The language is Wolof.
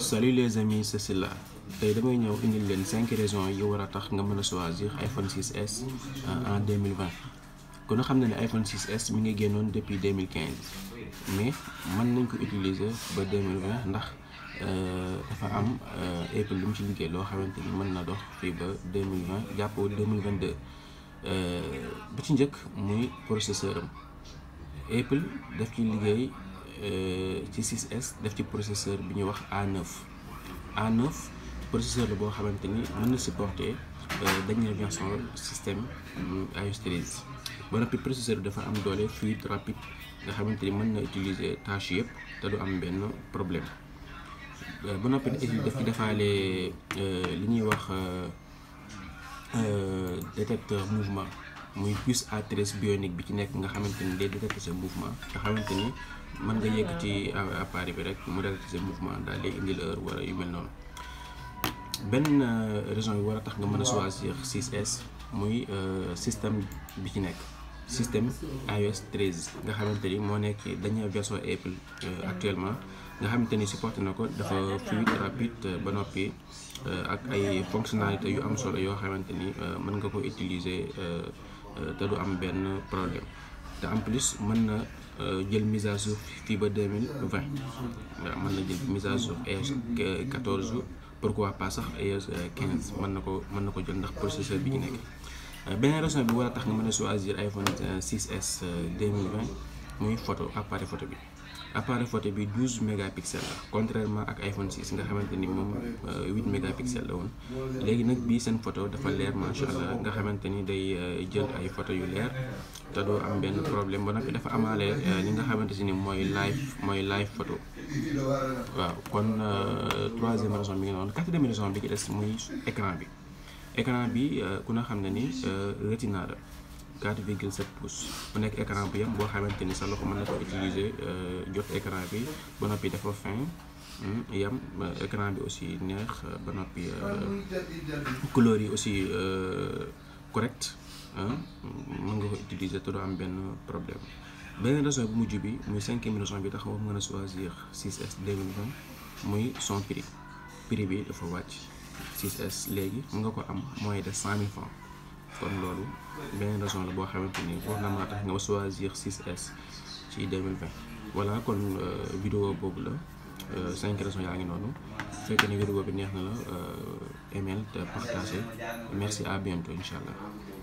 salut les amis c'est Sylla tey damay ñëw indil leen cinq raisons yi war a tax nga mën a choisir iPhone 6s euh, en 2020 kon xam na ne iPhone 6s mi ngi génnoon depuis 2015 mais mën nañ ko utiliser ba 2020 ndax euh, dafa am euh, Apple lu mu ci liggéey loo xamante ni mën na dox fii ba 2020 jàpp 2022 bu ci njëkk muy processeur am Apple daf ci liggéey Euh, ci 6S def ci processeur bi ñuy wax A9 A9 processeur la boo xamante ni mën na supporter euh, dernière version système iOS euh, 13 ba noppi processeur bi dafa am doole fluide rapide nga xamante ni mën na utiliser tâche yëpp te du am benn problème ba noppi daf defaale li ñuy wax détecteur mouvement muy puce à treize bionique bi ci nekk nga xamante ni day détecté sa mouvement nga xamante ni mën nga yëg ci euh, appareil bi rek mu détecté sa mouvement daal lay indil heure wala yu mel noonu benn euh, raison yi war a tax nga mën a choisir 6S muy euh, système bi ci nekk système iOS 13 nga xamante ni moo nekk dañuy version Apple actuellement nga xamante ni supporté na ko dafa fluide rapide ba noppi ak ay fonctionnalités yu am solo yoo xamante ni mën nga ko utiliser. Euh, te du am benn problème te en plus mën na euh, jël mise à fii ba deux mille vingt waaw mën na jël mise à jour iOS e quatorze pourquoi pas sax iOS e quinze mën na ko mën na ko jël ndax processeur bi ñu nekk. Euh, beneen raison bi war a tax nga mën a choisir iPhone 6s 2020 muy photo appareil photo bi. appareil photo bi 12 mégapixels la contrairement ak iPhone 6 nga xamante ni moom 8 euh, mégapixels la woon léegi nag bii seen photo dafa leer macha allah nga xamante ni day euh, jël ay photo yu leer te doo am benn problème ba noppi dafa amaale euh, li nga xamante si ni mooy live mooy live photo waaw kon troisième raison bi nga noonu quatrième raison bi ci des muy écran bi écran bi ku na xam ne ni retina la 4 virgule 7 pouces bu nekk écran bu yem boo xamante ni sa loxo mën na ko utiliser euh, jot écran bi ba noppi dafa fin yam hmm, euh, écran bi aussi neex euh, ba noppi couleur yi aussi correct mun nga ko utiliser te doo am benn problème beneen raison bu mujj bi muy cinquième raison bi taxaw mën a choisir 6S muy son prix prix bi dafa wàcc 6S léegi mun nga ko am moyen de 100000 francs kon beneen raison la boo xamante ni foofu na maa tax nga choisir 6S ci 2020 kon euh, vidéo boobu la euh, cinq raisons yaa ngi noonu fekk ne vidéo bi neex na la email euh, te partagé merci à bientôt incha allah